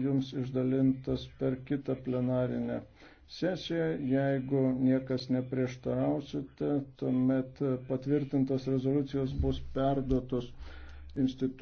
jums išdalintas per kitą plenarinę sesiją. Jeigu niekas neprieštarausite, tuomet patvirtintos rezoliucijos bus perduotos institucijos.